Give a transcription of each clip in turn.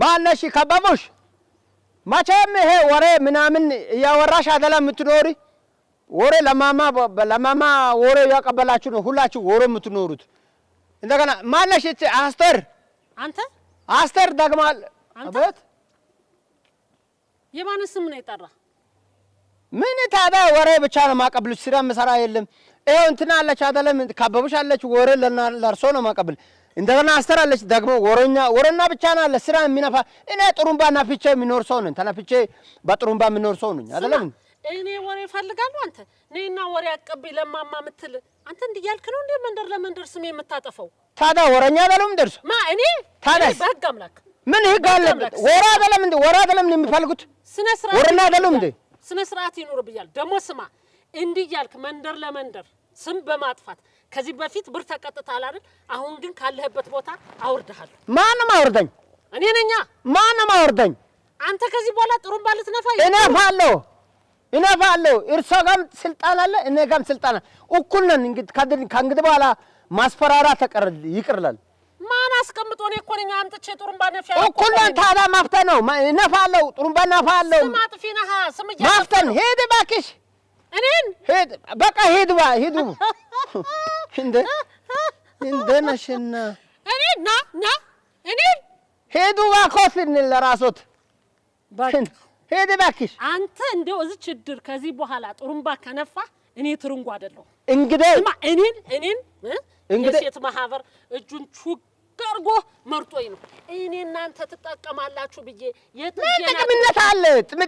ማነሽ ከበቡሽ። መቼም ይሄ ወሬ ምናምን እያወራሽ አይደለም የምትኖሪ። ወሬ ለማማ ለማማ ወሬ እያቀበላችሁ ነው ሁላችሁ ወሬ የምትኖሩት። እንደገና ማነሽ አስተር አንተ አስተር ደግማል አበት የማን ስም ነው የጠራ? ምን ታዲያ ወሬ ብቻ ነው ማቀብልሽ። ስራ መሰራ የለም። ይሄው እንትና አለች አይደለም ከበቡሽ አለች። ወሬ ለእርሶ ነው ማቀብል እንደገና አስተራለች ደግሞ ወሮኛ ወሮና ብቻ ነው አለ ስራ የሚነፋ እኔ ጥሩምባ ናፍቼ የሚኖር ሰው ነኝ። ተናፍቼ በጥሩምባ የሚኖር ሰው ነኝ። አይደለም እኔ ወሬ እፈልጋለሁ። አንተ እኔና ወሬ አቀብኝ ለማማ ምትል አንተ እንዲህ እያልክ ነው እንዴ? መንደር ለመንደር ስሜ የምታጠፈው ታዲያ ወረኛ አይደለም ደርሱ ማ እኔ ታዲያ በህግ አምላክ ምን ህግ አለበት? ወራ አይደለም እንዴ? ወራ አይደለም የሚፈልጉት ስነ ስርዓት ወረና አይደለም እንዴ? ስነ ስርዓት ይኑር ብያለሁ። ደግሞ ስማ እንዲህ እያልክ መንደር ለመንደር ስም በማጥፋት ከዚህ በፊት ብር ተቀጥተሃል አይደል? አሁን ግን ካለህበት ቦታ አውርደሃል። ማንም አውርደኝ። እኔ ነኛ። ማንም አውርደኝ። አንተ ከዚህ በኋላ ጥሩምባ ልትነፋ እነፋለሁ፣ እነፋለሁ። እርሶ ጋም ስልጣን አለ፣ እኔ ጋም ስልጣን አለ። እኩል ነን። ከእንግዲህ በኋላ ማስፈራራ ማስፈራራት ይቅርላል። ማን አስቀምጦ እኔ እኮ ነኝ አምጥቼ ጥሩምባ ነፍ ያለው እኩል ነን። ታዲያ ማፍተን ነው። እነፋለሁ፣ ጥሩምባ እነፋለሁ። ስም አጥፊ ነህ። ስም እያጠፋህ ማፍተን። ሂድ እባክሽ እኔን ሂድ፣ በቃ ሂድ፣ ባ ሂዱ። እንደ እንደት ነሽና? እኔን ና ና እኔን ሂዱ እባክዎት ልንል ለራስዎት ሂድ እባክሽ። አንተ እንደው እዚች እድር ከዚህ በኋላ ጥሩምባ ከነፋ እኔ ትርንጎ አይደለሁ። እንግዲህ እኔን እኔን የሴት ማህበር እጁን ቹግ አድርጎ መርጦኝ ነው። እኔ እናንተ ትጠቀማላችሁ ብዬ የጥቅምነት አለ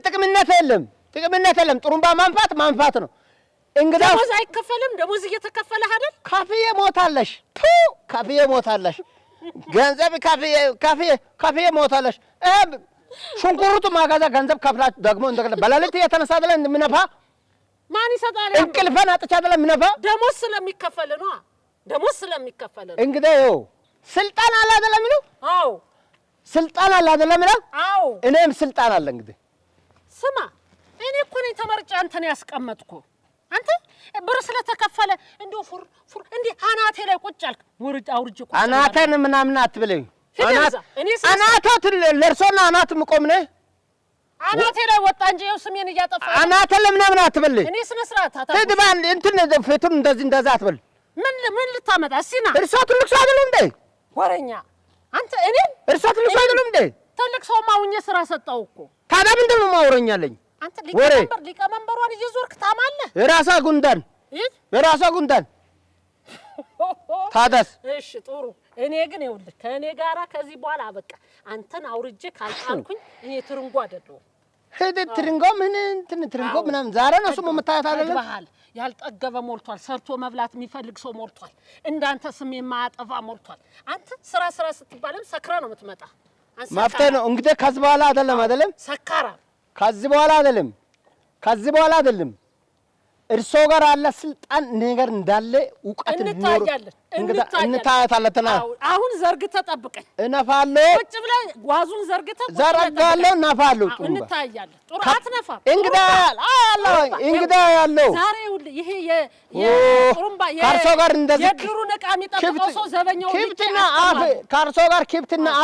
ጥቅምነት የለም ጥቅምነት የለም። ጥሩምባ ማንፋት ማንፋት ነው። እንግዳ ደሞዝ አይከፈልም። ደሞዝ እየተከፈለ አይደል? ካፍዬ ሞታለሽ። ፑ ካፍዬ ሞታለሽ። ገንዘብ ካፍዬ ካፍዬ ካፍዬ ሞታለሽ። እህ ሽንኩርቱ ማጋዛ ገንዘብ ከፍላችሁ ደግሞ እንደገለ በሌሊት የተነሳ አይደለም የምነፋ ማን ይሰጣል? እንቅልፈን አጥቻ አይደለም የምነፋ ደሞዝ ስለሚከፈል ነው። ደሞዝ ስለሚከፈል ነው። እንግዲህ ይኸው ስልጣን አለ አይደለም ነው? አዎ ስልጣን አለ አይደለም ነው? አዎ እኔም ስልጣን አለ እንግዲህ ስማ እኔ እኮ ነኝ ተመርጬ አንተን ያስቀመጥኩ። አንተ ብር ስለተከፈለ እንደው ፉር ፉር እንዲህ አናቴ ላይ ቁጭ አልክ። ውርድ አውርጅ ቁጭ አናተን ምናምን አትብለኝ። አናቶት ለእርሶና አናት ምቆም ነ አናቴ ላይ ወጣ እንጂ ይኸው ስሜን እያጠፋ አናተ ለምናምን አትበልኝ። እኔ ስነ ስርዓት አታ ትድባ እንትን ፊቱን እንደዚህ እንደዛ አትበል። ምን ምን ልታመጣ እሲና እርሶ ትልቅ ሰው አይደሉም እንዴ? ወረኛ አንተ እኔ እርሶ ትልቅ ሰው አይደሉም እንዴ? ትልቅ ሰው ማውኘ ስራ ሰጠው እኮ ታዲያ ምንድን ነው ማውረኛለኝ አንተ ሊቀመንበር ሊቀመንበሯን እየዞርክ ታማለህ። የራሳ ጉንዳን የራሳ ጉንዳን ታደስ። እሺ ጥሩ። እኔ ግን ይኸውልህ ከእኔ ጋራ ከዚህ በኋላ በቃ አንተን አውርጄ ካልጣልኩኝ እኔ ትርንጎ አይደለሁም። ሄደ ትርንጎ ምን እንትን ትርንጎ ምናምን ዛሬ ነው ስሙ መታየት አይደለም። ያልጠገበ ሞልቷል። ሰርቶ መብላት የሚፈልግ ሰው ሞልቷል። እንዳንተ ስም የማያጠፋ ሞልቷል። አንተ ስራ ስራ ስትባልም ሰክራ ነው የምትመጣ። ማፍተ ነው እንግዲህ ከዚህ በኋላ አይደለም አይደለም ሰካራ ከዚህ በኋላ አይደለም ከዚህ በኋላ አይደለም እርሶ ጋር አለ ስልጣን ነገር እንዳለ እውቀት እንታያለን እንታያታለትና አሁን ዘርግተህ ጠብቀኝ። እነፋለሁ ቁጭ ብለህ ጓዙን ዘርግተህ ዘረጋለሁ። እነፋለሁ እንታያለን። ጥሩ አትነፋም። እንግዳ አያለሁ እንግዳ ያለው ዛሬ ሁሉ ይሄ የጥሩምባ ከእርሶ ጋር እንደዚህ የድሩን ዕቃ የሚጠብቀው ሰው ዘበኛው አፍ ከእርሶ ጋር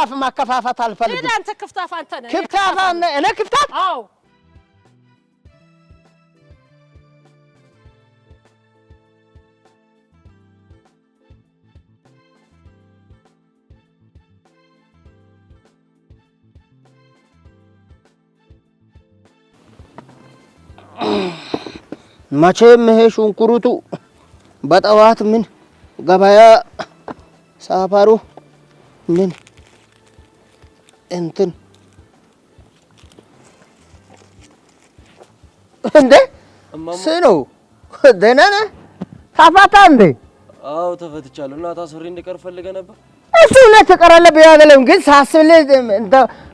አፍ ማከፋፋት አልፈልግም። አፍ እኔ አፍ አዎ መቼም ይሄ ሽንኩርቱ በጠዋት ምን ገበያ ሳፋሩ ምን እንትን እንዴ ስነው ደህና ነህ? ታፋታ እንዴ? አዎ ተፈትቻለሁ። እና ታስሬ እንድቀር ፈልገህ ነበር? እሱ እውነት ትቀራለህ ብዬ አይደለም፣ ግን ሳስብልህ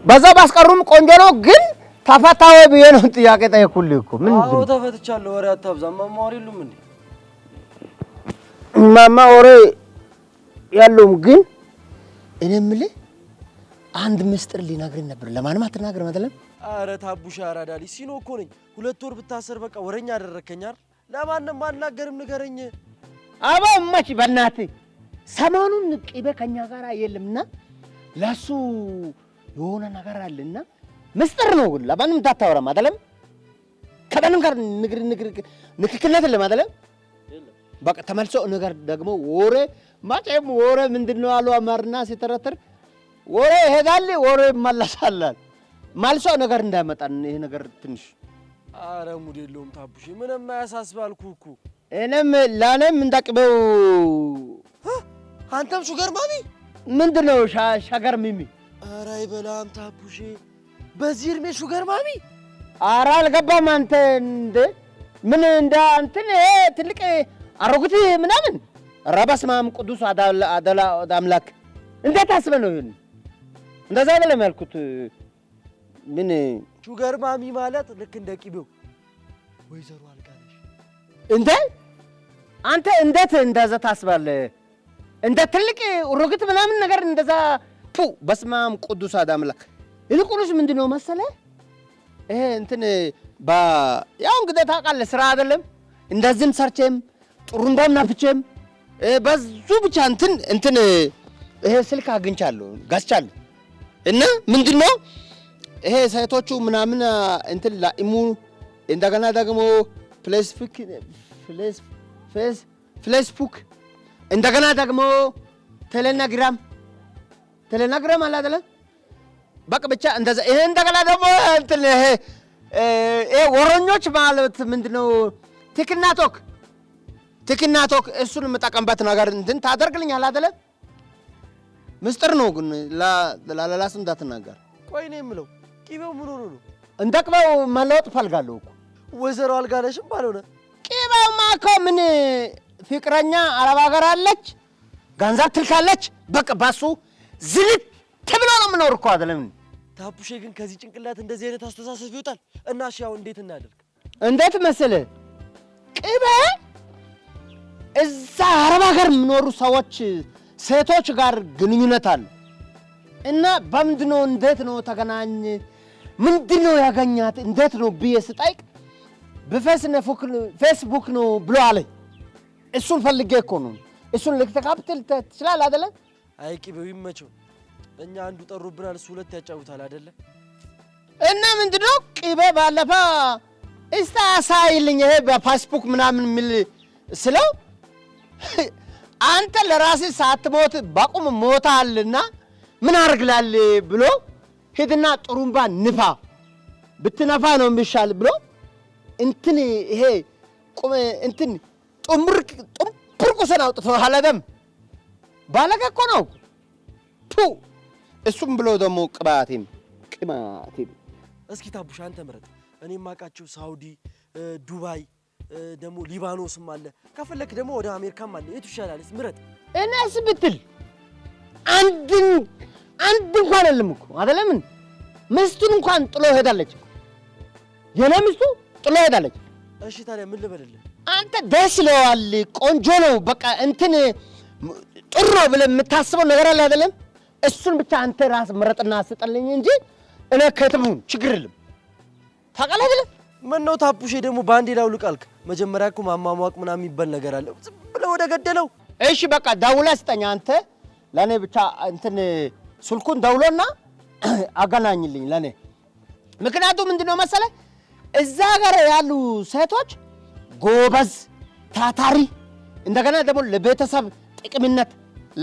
በዛ ባስቀሩም ቆንጆ ነው ግን ተፈታ ወይ ብዬ ነው ጥያቄ ጠየኩልህ እኮ። ምን አዎ፣ ተፈትቻለሁ። ወሬ አታብዛ። እማማ ወሬ የሉም እንዴ? እማማ ወሬ ያለውም ግን እኔ የምልህ አንድ ምስጢር ሊናግረኝ ነበር። ለማንም አትናገር መጥለም። አረ ታቡሻ አራዳሊ ሲኖ እኮ ነኝ። ሁለት ወር ብታሰር በቃ ወረኛ አደረከኛል። ለማንም አናገርም፣ ንገረኝ። አባ እማች በእናትህ ሰሞኑን ቅቤ ከኛ ጋር የለምና ለሱ የሆነ ነገር አለና ምስጥር ነው። ግን ለማንም ታታወራም አይደለም። ከማንም ጋር ንግር ንግር ንክክነት አይደለም አይደለም። በቃ ተመልሶ ነገር ደግሞ ወሬ ማጨም ወሬ ምንድነው ነው አሉ አማርና ሲተረተር ወሬ ይሄዳል፣ ወሬ ይመለሳላል። ማልሶ ነገር እንዳይመጣን ይሄ ነገር ትንሽ አረ ሙድ የለውም። ታቡሽ ምንም አያሳስባልኩ እኮ እኔም ላኔም እንዳቅበው አንተም ሹገር ማሚ ምንድነው ነው ሻገር ሚሚ አረ ይበላም ታቡሽ በዚህ እድሜ ሹገር ማሚ? ኧረ አልገባም። አንተ እንደ ምን እንደ እንትን ትልቅ አሮጊት ምናምን። ኧረ በስመ አብ ቅዱስ አደላ አምላክ እንዴት አስበህ ነው ይሁን? እንደዛ አይደለም ያልኩት። ምን ሹገር ማሚ ማለት ልክ እንደ ቂቤው ወይዘሮ አልጋለሽ እንዴ? አንተ እንዴት እንደዛ ታስባለ እንደ ትልቅ አሮጊት ምናምን ነገር እንደዛ ፑ በስመ ቅዱስ አምላክ ይልቁንስ ምንድን ነው መሰለ ይሄ እንትን ያው እንግዲህ ታውቃለህ፣ ስራ አይደለም እንደዚህም ሰርቼም ጥሩምባም ናፍቼም በዙ ብቻ እንትን እንትን ይሄ ስልክ አግኝቻለሁ ጋስቻለሁ። እና ምንድን ነው ይሄ ሴቶቹ ምናምን እንትን ላኢሙ እንደገና ደግሞ ፌስቡክ እንደገና ደግሞ ቴሌናግራም ቴሌናግራም አለ አይደለም በቅ ብቻ እንደዛ። ይሄ እንደገና ደግሞ እንትን ይሄ ይሄ ወሮኞች ማለት ምንድነው? ቲክና ቶክ ቲክና ቶክ እሱን የምጠቀምበት ነገር እንትን ታደርግልኛል አይደለ? ምስጢር ነው ግን ላላላስ እንዳትናገር። ቆይ ነው የምለው ቂቤው ምን ሆኖ ነው? እንደ ቅቤው መለወጥ ፈልጋለሁ እኮ ወይዘሮ አልጋለሽም ባልሆነ ቅቤውማ እኮ ምን ፍቅረኛ አረብ ሀገር አለች፣ ገንዘብ ትልካለች። በቃ ባሱ ዝልት ብሎ ነው የምኖር እኮ አይደለም። ታፑሼ ግን ከዚህ ጭንቅላት እንደዚህ አይነት አስተሳሰብ ይወጣል። እና እሺ ያው እንዴት እናደርግ? እንዴት መሰለ ቅቤ እዛ አረብ ሀገር የሚኖሩ ሰዎች ሴቶች ጋር ግንኙነት አለ እና በምንድን ነው እንዴት ነው ተገናኝ ምንድን ነው ያገኛት እንዴት ነው ብዬ ስጠይቅ በፌስቡክ ነው ብሎ አለ። እሱን ፈልጌ እኮ ነው እሱን ልክተካፕትል ትችላለህ አይደለም? አይ ቅቤው ይመቸው እኛ አንዱ ጠሩብናል፣ እሱ ሁለት ያጫውታል አይደለ? እና ነው ቅቤ ባለፈ እስታ አሳይልኝ ይሄ በፋስቡክ ምናምን የሚል ስለው አንተ ለራስህ ሳትሞት በቁም ሞታልና ምን አርግላል ብሎ ሂድና ጥሩምባ ንፋ ብትነፋ ነው የሚሻል ብሎ እንትን ይሄ ቁም እንትን ጥምር ጥምር አውጥቶ አለደም ባለገ እኮ ነው ቱ እሱም ብሎ ደግሞ ቅባቴም ቅማቴም። እስኪ ታቡሽ አንተ ምረጥ። እኔ የማውቃቸው ሳውዲ፣ ዱባይ ደግሞ ሊባኖስም አለ። ከፈለክ ደግሞ ወደ አሜሪካም አለ። የቱ ይሻላል? ምረጥ። እኔስ ብትል አንድን አንድ እንኳን አለም እኮ አደለምን። ምስቱን እንኳን ጥሎ ሄዳለች። የኔ ሚስቱ ጥሎ ሄዳለች። እሺ ታዲያ ምን ልበልልህ? አንተ ደስ ይለዋል፣ ቆንጆ ነው፣ በቃ እንትን ጥሩ ብለህ የምታስበው ነገር አለ አይደለም እሱን ብቻ አንተ ራስ ምረጥና ስጠልኝ እንጂ እኔ ከትም ችግር የለም። ታውቃለህ ምን ነው ታፑሼ ደግሞ በአንዴ ላውልቅ አልክ? መጀመሪያ እኮ ማሟሟቅ ምናምን የሚባል ነገር አለ። ዝም ብለህ ወደ ገደለው። እሺ በቃ ደውለህ ስጠኝ አንተ። ለእኔ ብቻ እንትን ስልኩን ደውሎና አገናኝልኝ ለእኔ። ምክንያቱም ምንድን ነው መሰለህ እዛ ጋር ያሉ ሴቶች ጎበዝ፣ ታታሪ እንደገና ደግሞ ለቤተሰብ ጥቅምነት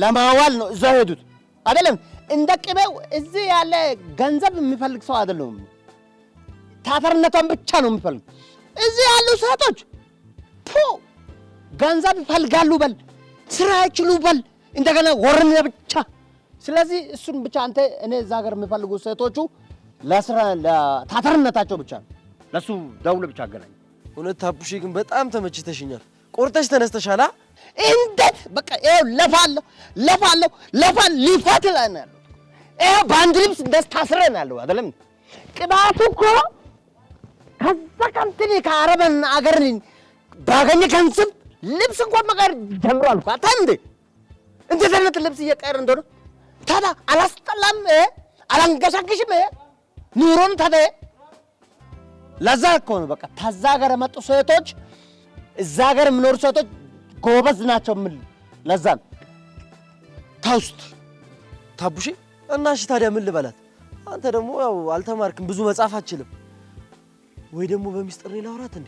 ለማዋል ነው እዛ ሄዱት አይደለም እንደ ቅቤው እዚህ ያለ ገንዘብ የሚፈልግ ሰው አይደለም። ታተርነቷን ብቻ ነው የሚፈልግ። እዚህ ያሉ ሴቶች ፑ ገንዘብ ይፈልጋሉ፣ በል ስራ አይችሉ፣ በል እንደገና ወርን ብቻ። ስለዚህ እሱን ብቻ አንተ እኔ እዛ ሀገር የሚፈልጉ ሴቶቹ ለስራ ለታተርነታቸው ብቻ ነው ለሱ ደውል ብቻ አገናኝ። እውነት ታፑሺ ግን በጣም ተመችተሽኛል። ቆርጠሽ ተነስተሻላ። እንዴት በቃ ይኸው ለፋለሁ ለፋለሁ ለፋል ሊፈትለን አለ። ይኸው በአንድ ልብስ ደስ ታስረናል። አይደለም። ቅባቱ እኮ ከዛ ከምትል ከአረበን አገር ባገኘ ገንዘብ ልብስ እንኳን መቀየር ጀምሯል እኮ። አታን እንዴ እንዴት አይነት ልብስ እየቀየር እንደሆነ ታዲያ አላስጠላም? አላንገሻግሽም? ኑሮን ታዲያ ለዛ እኮ ነው በቃ ታዛ ሀገር የመጡ ሴቶች እዛ ሀገር የምኖሩ ሴቶች ጎበዝ ናቸው የምል ለዛ ታውስት ታቡሽ እና እሺ፣ ታዲያ ምን ልበላት? አንተ ደግሞ ያው አልተማርክም፣ ብዙ መጻፍ አትችልም። ወይ ደግሞ በሚስጥር ነው ላውራት እንዴ?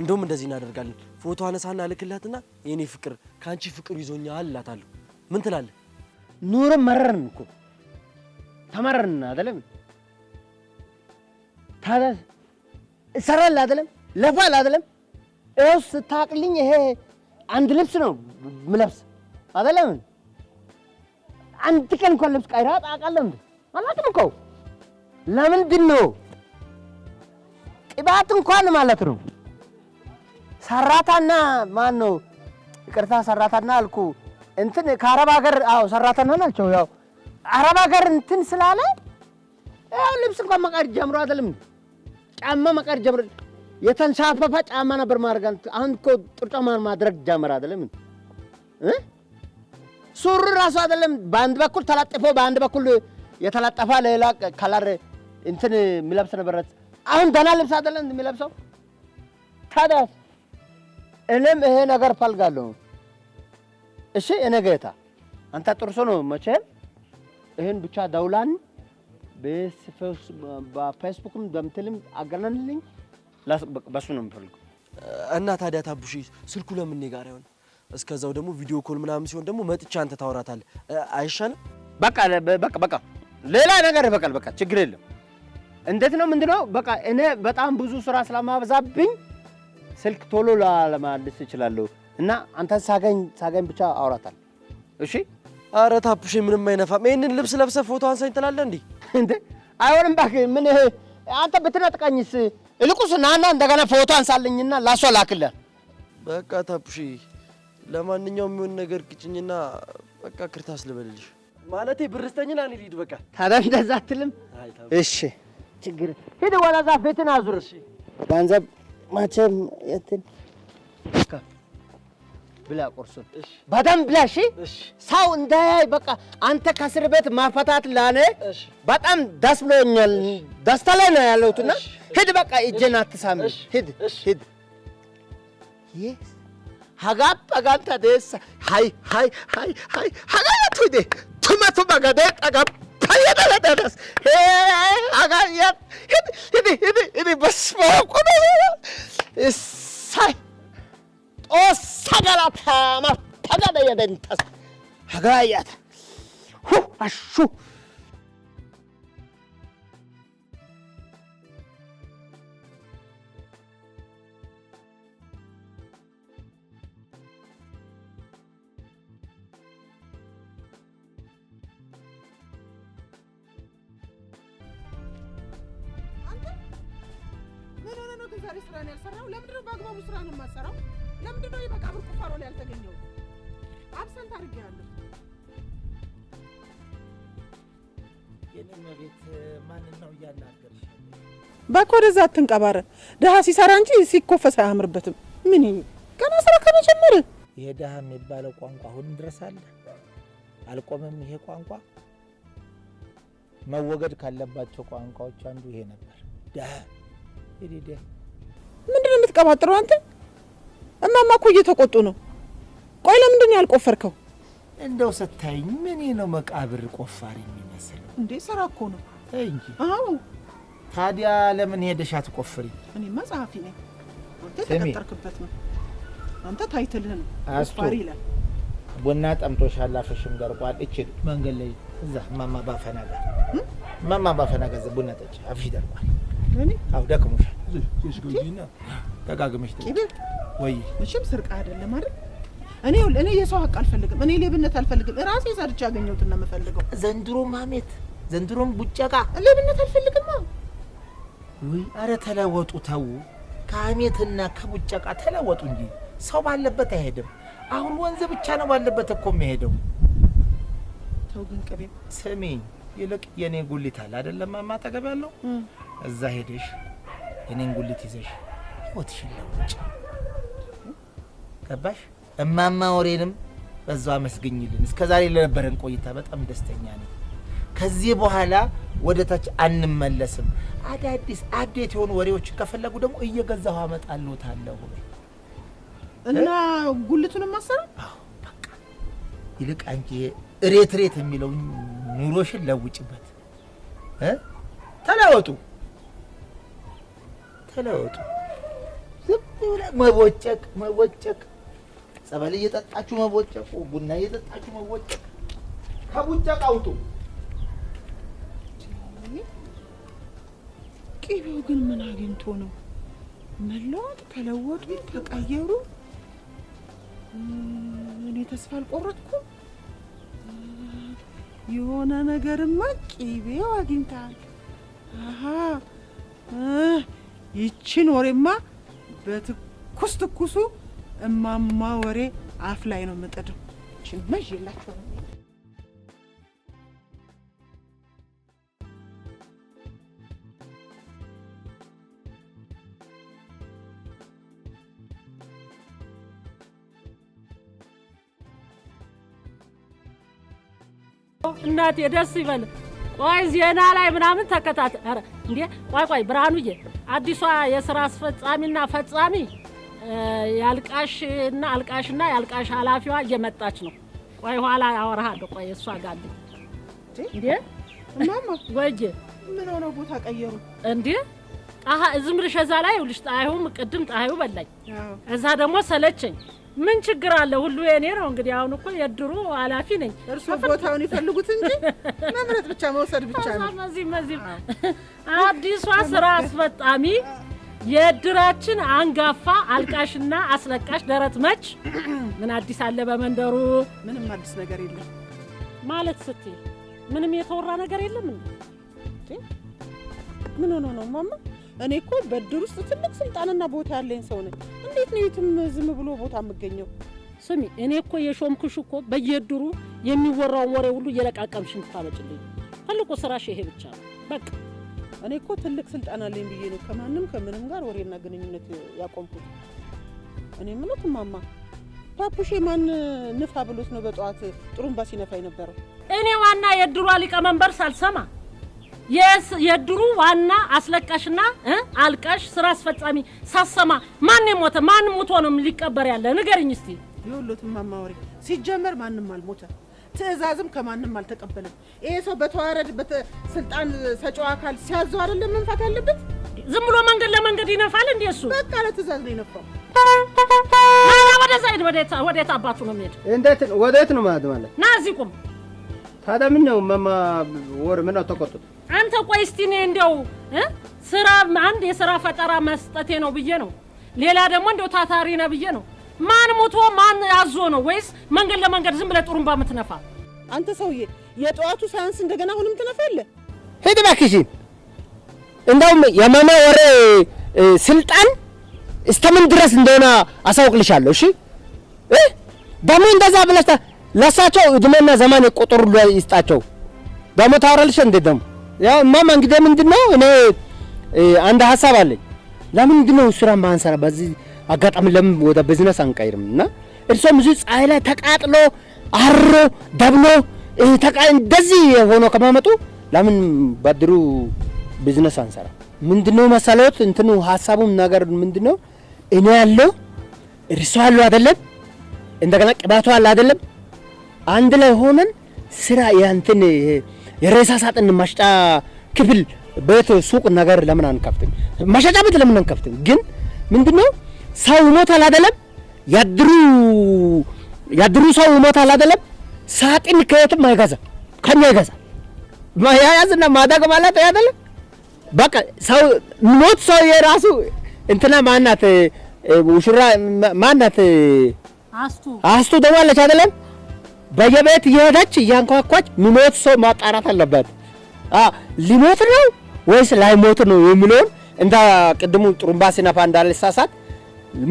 እንደውም እንደዚህ እናደርጋለን። ፎቶ አነሳና ልክላትና የኔ ፍቅር ከአንቺ ፍቅር ይዞኛል እላታለሁ። ምን ትላለህ? ኑርም መረርን እኮ ተመረርን አይደለም? ታዲያ እሰራለሁ አይደለም? ለፋል አይደለም? እሱ ስታቅልኝ ይሄ አንድ ልብስ ነው ምለብስ አይደለም። አንድ ቀን እንኳን ልብስ ቀይራ አውቃለሁ እንዴ? አላውቅም እኮ ለምንድን ነው ቅባት እንኳን ማለት ነው ሰራታና ማን ነው ይቅርታ፣ ሰራታና አልኩ እንትን ከአረብ ሀገር። አዎ ሰራተና ናቸው። ያው አረብ ሀገር እንትን ስላለ ያው ልብስ እንኳን መቀር ጀምሮ አይደለም ጫማ መቀር ጀምሮ የተንሳፈፈ ጫማ ነበር ማድረግ። አሁን እኮ ጥሩ ጫማ ማድረግ ጀምር አይደለም? ሱሪ ራሱ አይደለም በአንድ በኩል ተላጥፎ በአንድ በኩል የተላጠፋ ሌላ ከለር እንትን የሚለብስ ነበረ። አሁን ደህና ልብስ አይደለም የሚለብሰው። ታዲያ እኔም ይሄ ነገር ፈልጋለሁ። እሺ እኔ ጌታ አንተ ጥርሶ ነው። መቼም ይህን ብቻ ደውላን በፌስቡክም በምትልም አገናኝልኝ በሱ ነው የምፈልገው። እና ታዲያ ታቡሽ ስልኩ ለምን እኔ ጋር አይሆንም? እስከዛው ደግሞ ቪዲዮ ኮል ምናምን ሲሆን ደግሞ መጥቻ አንተ ታወራታለህ አይሻልም? በቃ በቃ በቃ ሌላ ነገር በቃል በቃ ችግር የለም። እንዴት ነው ምንድነው? በቃ እኔ በጣም ብዙ ስራ ስለማበዛብኝ ስልክ ቶሎ ለማልስ እችላለሁ እና አንተ ሳገኝ ሳገኝ ብቻ አውራታል። እሺ። አረ ታፑሽ ምንም አይነፋም። ይህንን ልብስ ለብሰ ፎቶ አንሳኝ ትላለህ እንዴ? እንዴ አይሆንም። እባክህ ምን አንተ ብትነጥቀኝስ እልቁስ ናና እንደገና ፎቶ አንሳልኝና ላሷ ላክለን። በቃ ታፑሽ፣ ለማንኛውም የሚሆን ነገር ግጭኝና በቃ ክርታስ ልበልልሽ። ማለቴ ብርስተኝና እኔ ልሂድ በቃ። ታዲያ እንደዛ አትልም? እሺ ችግር ሂድ፣ ወላዛ ቤትን አዙር። እሺ ገንዘብ መቼም የትን ብላ ቁርሱን በደንብ ብላ። እሺ ሰው እንዳያይ በቃ አንተ ከእስር ቤት ማፈታት ላኔ በጣም ደስ ብሎኛል። ደስታ ላይ ነው ያለሁትና ሂድ በቃ እጄን አትሳሚ። ሂድ ሂድ ሀጋፕ አጋንታ ደስ ሀይ ሀይ ሀይ ሀይ ሀጋቱ ሂድ ቱመ ቱመ ጠጋብ ሳይ 오 사자라 파마 파자다야 ነው ግን ዛሬ ስራ ነው ያልሰራው? ለምንድን ነው በአግባቡ ስራ ነው የማትሰራው? ለምንድን ነው የመቃብር ቁፋሮ ላይ ያልተገኘው? አብሰንት አድርጌያለሁ። የኔም ቤት ማንን ነው ሲሰራ እንጂ ሲኮፈስ አያምርበትም። ምን ገና ስራ ከመጀመር ይሄ ድሀ የሚባለው ቋንቋ አሁንም ድረስ አለ፣ አልቆመም። ይሄ ቋንቋ መወገድ ካለባቸው ቋንቋዎች አንዱ ይሄ ነበር። ድሀ ምንድን ነው የምትቀባጥረው አንተ? እማማ እኮ እየተቆጡ ነው። ቆይ ለምንድን ነው ያልቆፈርከው? እንደው ስታይኝ ምን ነው መቃብር ቆፋሪ የሚመስል እንዴ? ስራ እኮ ነው እንጂ። አዎ፣ ታዲያ ለምን ሄደሽ አትቆፍሪ? እኔ ጸሐፊ ነኝ፣ ተቀጠርክበት ነው አንተ። ታይትልህ ነው ቆፋሪ ይላል። ቡና ጠምቶሻል፣ አፍሽም ደርቋል። እችል መንገድ ላይ እዛ እማማ ባፈናጋ ጋር እማማ ባፈና ጋር ቡና ጠጪ፣ አፍሽ ደርቋል። እኔ አዎ፣ ደክሞሻል ደጋግመሽ ቂቤ ወይ መቼም ስርቃ አይደለም አይደል? እኔ እኔ የሰው ሀቅ አልፈልግም። እኔ ሌብነት አልፈልግም። ራሴ ሰርቼ ያገኘሁትን ነው የምፈልገው። ዘንድሮም ሀሜት፣ ዘንድሮም ቡጨቃ፣ ሌብነት አልፈልግም። ውይ አረ ተለወጡ፣ ተዉ። ከሀሜትና ከቡጨቃ ተለወጡ እንጂ ሰው ባለበት አይሄድም። አሁን ወንዝ ብቻ ነው ባለበት እኮ የሚሄደው። ተው ግን ቅቤ ስሜ ይልቅ የኔ ጉሊት አለ አይደለም፣ ማማ ያለው እዛ ሄደሽ የኔን ጉሊት ይዘሽ ኮትሽን ለውጭ ገባሽ። እማማ ወሬንም በዛው አመስግኝልን። እስከ ዛሬ ለነበረን ቆይታ በጣም ደስተኛ ነኝ። ከዚህ በኋላ ወደ ታች አንመለስም። አዳዲስ አዴት የሆኑ ወሬዎችን ከፈለጉ ደግሞ እየገዛሁ አመጣልዎታለሁ። እና ጉልቱን ማሰራ ይልቅ አንቺ እሬት እሬት የሚለው ኑሮሽን ለውጭበት። ተለወጡ ተለወጡ። መቦጨቅ መቦጨቅ፣ ጸበል እየጠጣችሁ መቦጨቁ፣ ቡና እየጠጣችሁ መቦጨቅ። ከቡጨቅ አውጡ። ቅቤው ግን ምን አግኝቶ ነው? መለወጥ፣ ተለወጡ፣ ተቀየሩ። እኔ ተስፋ አልቆረጥኩም። የሆነ ነገርማ ቅቤው አግኝታል። አሀ ይቺን ወሬማ በትኩስ ትኩሱ እማማ ወሬ አፍ ላይ ነው የምጥደው። ችመዥ የላቸው እናቴ ደስ ይበል። ቆይ ዜና ላይ ምናምን ተከታተል። ኧረ እንዴ ቆይ ቆይ፣ ብርሃኑዬ አዲሷ የስራ አስፈጻሚና ፈጻሚ ያልቃሽና አልቃሽና ያልቃሽ ኃላፊዋ እየመጣች ነው። ቆይ ኋላ አወራሃለሁ። ቆይ እሷ ጋር እንዴ እማማ ወይጄ ምን ሆነው ቦታ ቀየሩ እንዴ? ጣሃ ዝም ብለሽ እዛ ላይ ይኸውልሽ፣ ጣይሁም ቅድም ጣይሁ በላኝ፣ እዛ ደግሞ ሰለቸኝ ምን ችግር አለ? ሁሉ የኔ ነው። እንግዲህ አሁን እኮ የድሩ ኃላፊ ነኝ። እርሱ ቦታውን ይፈልጉት እንጂ መምረጥ ብቻ መውሰድ ብቻ ነው። መዚህ መዚህ አዲሷ ስራ አስፈጣሚ የእድራችን አንጋፋ አልቃሽና አስለቃሽ ደረት መች ምን አዲስ አለ በመንደሩ? ምንም አዲስ ነገር የለም ማለት ስትይ ምንም የተወራ ነገር የለም። ምን ሆኖ ነው ማማ እኔ እኮ በድር ውስጥ ትልቅ ስልጣንና ቦታ ያለኝ ሰው ነኝ። እንዴት ነው የትም ዝም ብሎ ቦታ የምገኘው? ስሚ እኔ እኮ የሾምክሽ እኮ በየድሩ የሚወራውን ወሬ ሁሉ እየለቃቀምሽ የምታመጭልኝ ትልቁ ስራሽ ይሄ ብቻ ነው በቃ። እኔ እኮ ትልቅ ስልጣን አለኝ ብዬ ነው ከማንም ከምንም ጋር ወሬና ግንኙነት ያቆምኩት። እኔ ምነው ማማ ባቡሼ ማን ንፋ ብሎት ነው በጠዋት ጥሩምባ ሲነፋ የነበረው? እኔ ዋና የድሯ ሊቀመንበር ሳልሰማ የድሩ ዋና አስለቃሽና አልቃሽ ስራ አስፈጻሚ ሳሰማ ማን የሞተ ማን ሞቶ ነው ሊቀበር ያለ ንገርኝ እስቲ። ይኸውልዎት እማማ ሲጀመር ማንም አልሞተ፣ ትዕዛዝም ከማንም አልተቀበለም። ይሄ ሰው በተዋረድ በስልጣን ሰጪው አካል ሲያዘው አይደለም መንፋት ያለበት። ዝም ብሎ መንገድ ለመንገድ ይነፋል እንዴ? እሱ በቃ ለትዕዛዝ ነው የነፋው። ወደዛ ወዴት አባቱ ነው የሚሄድ? እንዴት ወዴት ነው ማለት ማለት ና እዚህ ቁም ታዲያ ምን ነው እማማ ወር ምን ነው ተቆጡት? አንተ ቆይ እስቲ እኔ እንደው ስራ አንድ የስራ ፈጠራ መስጠቴ ነው ብዬ ነው። ሌላ ደግሞ እንደው ታታሪ ነህ ብዬ ነው። ማን ሞቶ ማን ያዞ ነው? ወይስ መንገድ ለመንገድ ዝም ብለህ ጥሩምባ የምትነፋ አንተ ሰውዬ፣ የጠዋቱ ሳያንስ እንደገና አሁንም ትነፋለህ። ሂድ እባክሽ። እንደውም የእማማ ወሬ ስልጣን እስከምን ድረስ እንደሆነ አሳውቅልሻለሁ። እሺ በምን እንደዛ ብለሽ ለሳቸው እድሜና ዘመን ቁጥር ሁሉ ይስጣቸው። ደግሞ ታወራልሽ እንዴ? ደግሞ ያው እማማ እንግዲህ ምንድን ነው እኔ አንድ ሀሳብ አለኝ። ለምንድን ነው ስራ ማንሰራ? በዚህ አጋጣሚ ለምን ወደ ቢዝነስ አንቀይርም? እና እርሶም እዚህ ፀሐይ ላይ ተቃጥሎ አሮ ደብኖ እንደዚህ ሆኖ ከማመጡ ለምን ባድሩ ቢዝነስ አንሰራ? ምንድነው መሰለዎት እንትኑ ሀሳቡም ነገር ምንድነው እኔ ያለው እርሶ ያለው አይደለም እንደገና ቅባቱ አለ አይደለም አንድ ላይ ሆነን ስራ ያንተን የሬሳ ሳጥን ማሽጫ ክፍል ቤት ሱቅ ነገር ለምን አንከፍትም? ማሸጫ ቤት ለምን አንከፍትም? ግን ምንድነው ሰው ሞታል አይደለም? ያድሩ ያድሩ ሰው ሞታል አይደለም? ሳጥን ከየትም አይገዛ ከኛ ይገዛ ማያያዝና ማደግ ማለት አይደለም። በቃ ሰው ሞት ሰው የራሱ እንትና ማናት? ውሽራ ማናት? አስቱ አስቱ ደዋለች አይደለም? በየቤት እየሄደች እያንኳኳች ሚሞት ሰው ማጣራት አለበት። ሊሞት ነው ወይስ ላይሞት ነው የሚለውን እንደ ቅድሙ ጥሩምባ ሲነፋ እንዳልሳሳት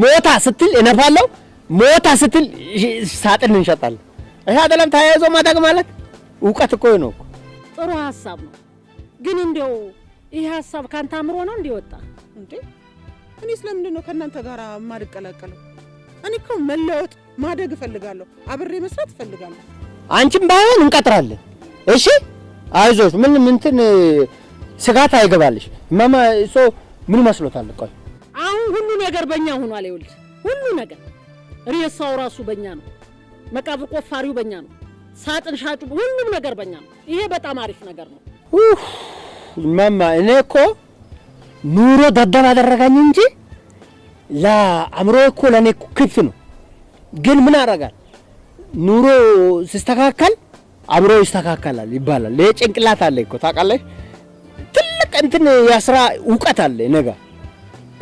ሞታ ስትል እነፋለሁ፣ ሞታ ስትል ሳጥን እንሸጣለን። ይህ አይደለም ተያይዞ ማደግ ማለት እውቀት እኮ ነው። እኮ ጥሩ ሀሳብ ነው፣ ግን እንደው ይህ ሀሳብ ከአንተ አእምሮ ነው እንዲወጣ እንዴ? እኔ ስለምንድን ነው ከእናንተ ጋር የማልቀላቀለው? እኔ እኮ መለወጥ ማደግ እፈልጋለሁ። አብሬ መስራት እፈልጋለሁ። አንቺም ባይሆን እንቀጥራለን። እሺ አይዞሽ። ምን ምንትን ስጋት አይገባልሽ። ማማ እሶ ምን መስሎታል? ቆይ አሁን ሁሉ ነገር በእኛ ሆኗል። ይኸውልህ ሁሉ ነገር ሬሳው ራሱ በእኛ ነው። መቃብር ቆፋሪው በእኛ ነው። ሳጥን ሻጩ፣ ሁሉም ነገር በእኛ ነው። ይሄ በጣም አሪፍ ነገር ነው። እማማ እኔ እኮ ኑሮ ደደብ አደረጋኝ እንጂ ለአእምሮ እኮ ለእኔ ክፍ ነው ግን ምን አረጋል ኑሮ ሲስተካከል አብሮ ይስተካከላል ይባላል። ይሄ ጭንቅላት አለ እኮ ታውቃለህ። ትልቅ እንትን የስራ እውቀት አለ ነገ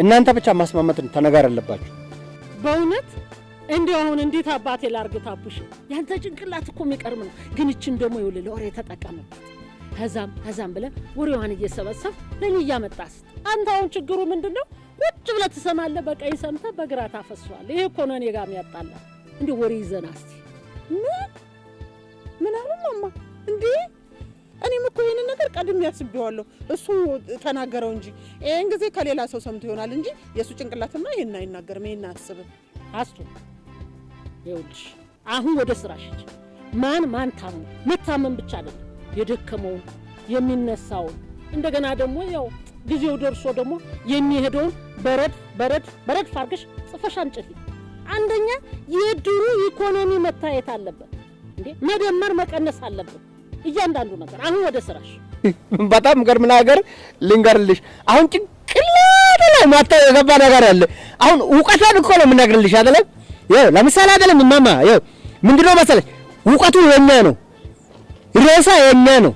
እናንተ ብቻ ማስማመት ተነጋር አለባችሁ። በእውነት እንዲሁ አሁን እንዴት አባቴ ላርግ ታቡሽ፣ ያንተ ጭንቅላት እኮ የሚቀርም ነው። ግን እችን ደግሞ ይኸውልህ ለወሬ ተጠቀመበት። ከዛም ከዛም ብለህ ወሬዋን እየሰበሰብ ለኔ እያመጣስ አንተ አሁን ችግሩ ምንድን ነው? ቁጭ ብለህ ትሰማለህ። በቀኝ ሰምተህ በግራ ታፈሷል። ይሄ እኮ ነው እኔ ጋር የሚያጣላ። እንዲህ ወሬ ይዘና እስኪ ምን ምን አሉ ማማ እንዴ? እኔም እኮ ይሄንን ነገር ቀድሜ አስቤዋለሁ። እሱ ተናገረው እንጂ ይህን ጊዜ ከሌላ ሰው ሰምቶ ይሆናል እንጂ የእሱ ጭንቅላትማ ይህን አይናገርም፣ ይህን አያስብም። አስቱ ይኸውልሽ፣ አሁን ወደ ስራ ሽች። ማን ማን ታሙ መታመን ብቻ አይደለም የደከመውን የሚነሳውን እንደገና ደግሞ ያው ጊዜው ደርሶ ደግሞ የሚሄደውን በረድ በረድ በረድ ፋርግሽ ጽፈሽ አንጭፊ። አንደኛ የድሩ ኢኮኖሚ መታየት አለበት። እንዴ መደመር መቀነስ አለበት እያንዳንዱ ነገር። አሁን ወደ ስራሽ። በጣም ገርም ነገር ልንገርልሽ። አሁን ጭንቅላት ላይ ማታ የገባ ነገር አለ። አሁን እውቀቷን እኮ ነው የምናገርልሽ አይደለም። ይኸው ለምሳሌ አይደለም ማማ፣ ይኸው ምንድነው ነው መሰለሽ፣ እውቀቱ የኛ ነው፣ ሬሳ የኛ ነው፣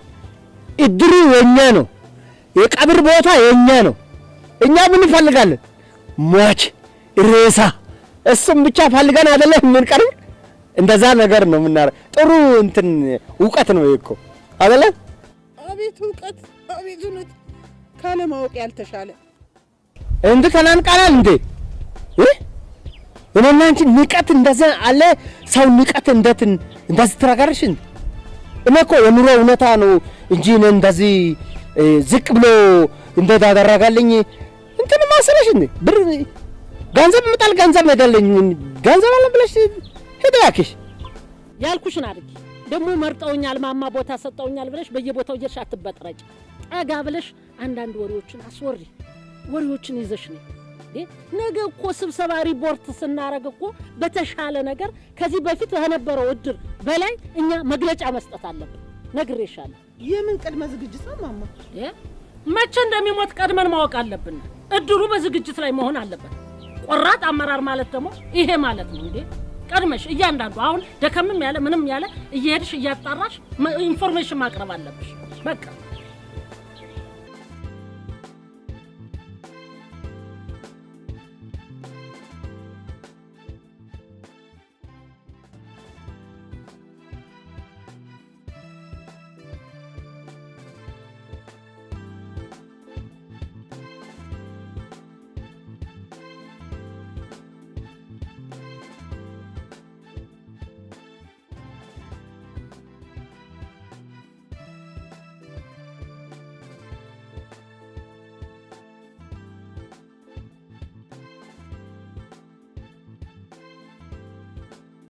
እድሩ የኛ ነው የቀብር ቦታ የኛ ነው። እኛ ምን እንፈልጋለን? ሟች ሬሳ፣ እሱም ብቻ ፈልገን አይደለ የምንቀርብ። እንደዛ ነገር ነው የምናረግ። ጥሩ እንትን እውቀት ነው እኮ አይደለ? አቤት እውቀት፣ አቤት እውነት፣ ካለማወቅ ያልተሻለ እንዴ! ተናንቃላል እንዴ እኔና አንቺ ንቀት እንደዛ አለ። ሰው ንቀት እንደት እንደዚህ ትረጋርሽ እኔ እኮ የኑሮ እውነታ ነው እንጂ እኔ እንደዚህ ዝቅ ብሎ እንደዳደረጋለኝ እንትን ማሰለሽ እንዴ ብር ገንዘብ ምጣል ገንዘብ መደለኝ ገንዘብ አለ ብለሽ ሄደ ያልኩሽ ያልኩሽን አድርጊ። ደግሞ መርጠውኛል ማማ ቦታ ሰጠውኛል ብለሽ በየቦታው እየሄድሽ አትበጥረጭ። ጠጋ ብለሽ አንዳንድ ወሬዎችን አስወሪ። ወሬዎችን ይዘሽ ነው ነገ እኮ ስብሰባ ሪፖርት ስናረግ እኮ በተሻለ ነገር ከዚህ በፊት ከነበረው እድር በላይ እኛ መግለጫ መስጠት አለብን። ነግሬሻለሁ። የምን ቅድመ ዝግጅት ነው ማማ? መቼ እንደሚሞት ቀድመን ማወቅ አለብን። እድሩ በዝግጅት ላይ መሆን አለበት። ቆራጥ አመራር ማለት ደግሞ ይሄ ማለት ነው እንዴ! ቀድመሽ እያንዳንዱ አሁን ደከምም ያለ ምንም ያለ እየሄድሽ እያጣራሽ ኢንፎርሜሽን ማቅረብ አለብሽ በቃ